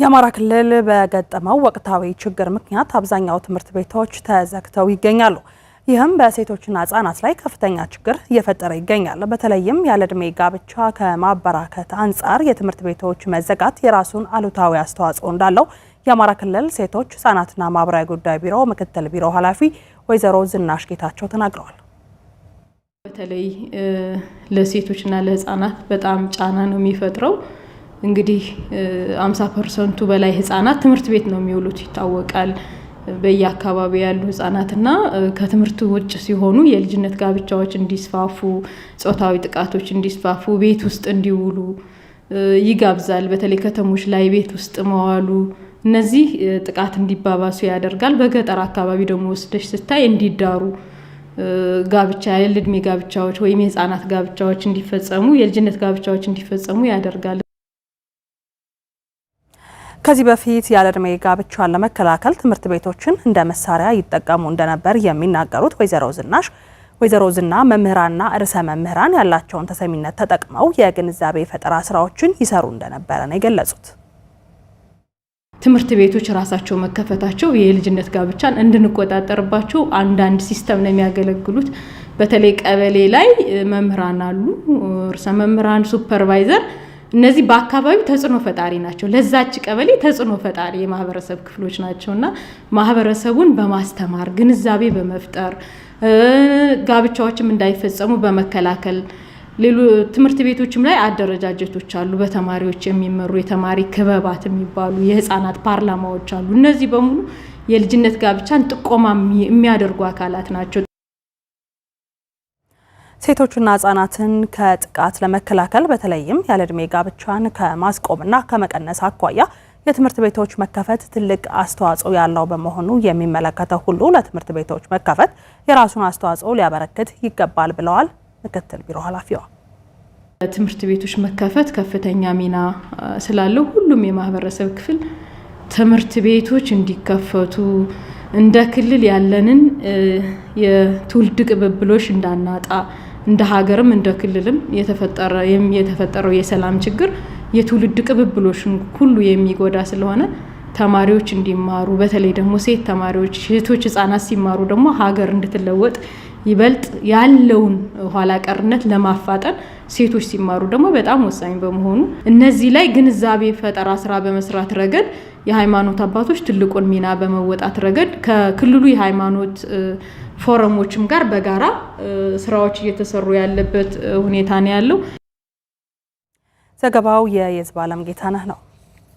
የአማራ ክልል በገጠመው ወቅታዊ ችግር ምክንያት አብዛኛው ትምህርት ቤቶች ተዘግተው ይገኛሉ። ይህም በሴቶችና ህጻናት ላይ ከፍተኛ ችግር እየፈጠረ ይገኛል። በተለይም ያለ ዕድሜ ጋብቻ ከማበራከት አንጻር የትምህርት ቤቶች መዘጋት የራሱን አሉታዊ አስተዋጽኦ እንዳለው የአማራ ክልል ሴቶች ህጻናትና ማህበራዊ ጉዳይ ቢሮ ምክትል ቢሮ ኃላፊ ወይዘሮ ዝናሽ ጌታቸው ተናግረዋል። በተለይ ለሴቶችና ለህጻናት በጣም ጫና ነው የሚፈጥረው እንግዲህ አምሳ ፐርሰንቱ በላይ ህጻናት ትምህርት ቤት ነው የሚውሉት ይታወቃል። በየአካባቢ ያሉ ህጻናትና ከትምህርት ውጭ ሲሆኑ የልጅነት ጋብቻዎች እንዲስፋፉ፣ ጾታዊ ጥቃቶች እንዲስፋፉ፣ ቤት ውስጥ እንዲውሉ ይጋብዛል። በተለይ ከተሞች ላይ ቤት ውስጥ መዋሉ እነዚህ ጥቃት እንዲባባሱ ያደርጋል። በገጠር አካባቢ ደግሞ ወስደሽ ስታይ እንዲዳሩ ጋብቻ የዕድሜ ጋብቻዎች ወይም የህፃናት ጋብቻዎች እንዲፈጸሙ፣ የልጅነት ጋብቻዎች እንዲፈጸሙ ያደርጋል። ከዚህ በፊት ያለ እድሜ ጋብቻን ለመከላከል ትምህርት ቤቶችን እንደ መሳሪያ ይጠቀሙ እንደነበር የሚናገሩት ወይዘሮ ዝናሽ ወይዘሮ ዝና መምህራንና ርዕሰ መምህራን ያላቸውን ተሰሚነት ተጠቅመው የግንዛቤ ፈጠራ ስራዎችን ይሰሩ እንደነበረ ነው የገለጹት። ትምህርት ቤቶች ራሳቸው መከፈታቸው የልጅነት ጋብቻን እንድንቆጣጠርባቸው አንዳንድ ሲስተም ነው የሚያገለግሉት። በተለይ ቀበሌ ላይ መምህራን አሉ፣ ርዕሰ መምህራን፣ ሱፐርቫይዘር እነዚህ በአካባቢው ተጽዕኖ ፈጣሪ ናቸው። ለዛች ቀበሌ ተጽዕኖ ፈጣሪ የማህበረሰብ ክፍሎች ናቸው እና ማህበረሰቡን በማስተማር ግንዛቤ በመፍጠር ጋብቻዎችም እንዳይፈጸሙ በመከላከል ሌሎ ትምህርት ቤቶችም ላይ አደረጃጀቶች አሉ። በተማሪዎች የሚመሩ የተማሪ ክበባት የሚባሉ የህፃናት ፓርላማዎች አሉ። እነዚህ በሙሉ የልጅነት ጋብቻን ጥቆማ የሚያደርጉ አካላት ናቸው። ሴቶችና ህጻናትን ከጥቃት ለመከላከል በተለይም ያለዕድሜ ጋብቻን ከማስቆምና ከመቀነስ አኳያ የትምህርት ቤቶች መከፈት ትልቅ አስተዋጽኦ ያለው በመሆኑ የሚመለከተው ሁሉ ለትምህርት ቤቶች መከፈት የራሱን አስተዋጽኦ ሊያበረክት ይገባል ብለዋል ምክትል ቢሮ ኃላፊዋ። ትምህርት ቤቶች መከፈት ከፍተኛ ሚና ስላለው ሁሉም የማህበረሰብ ክፍል ትምህርት ቤቶች እንዲከፈቱ እንደ ክልል ያለንን የትውልድ ቅብብሎች እንዳናጣ እንደ ሀገርም እንደ ክልልም የተፈጠረው የሰላም ችግር የትውልድ ቅብብሎችን ሁሉ የሚጎዳ ስለሆነ ተማሪዎች እንዲማሩ በተለይ ደግሞ ሴት ተማሪዎች ሴቶች ህጻናት ሲማሩ ደግሞ ሀገር እንድትለወጥ ይበልጥ ያለውን ኋላ ቀርነት ለማፋጠን ሴቶች ሲማሩ ደግሞ በጣም ወሳኝ በመሆኑ እነዚህ ላይ ግንዛቤ ፈጠራ ስራ በመስራት ረገድ የሃይማኖት አባቶች ትልቁን ሚና በመወጣት ረገድ ከክልሉ የሃይማኖት ፎረሞችም ጋር በጋራ ስራዎች እየተሰሩ ያለበት ሁኔታ ነው ያለው። ዘገባው የየዝብ አለም ጌታነህ ነው።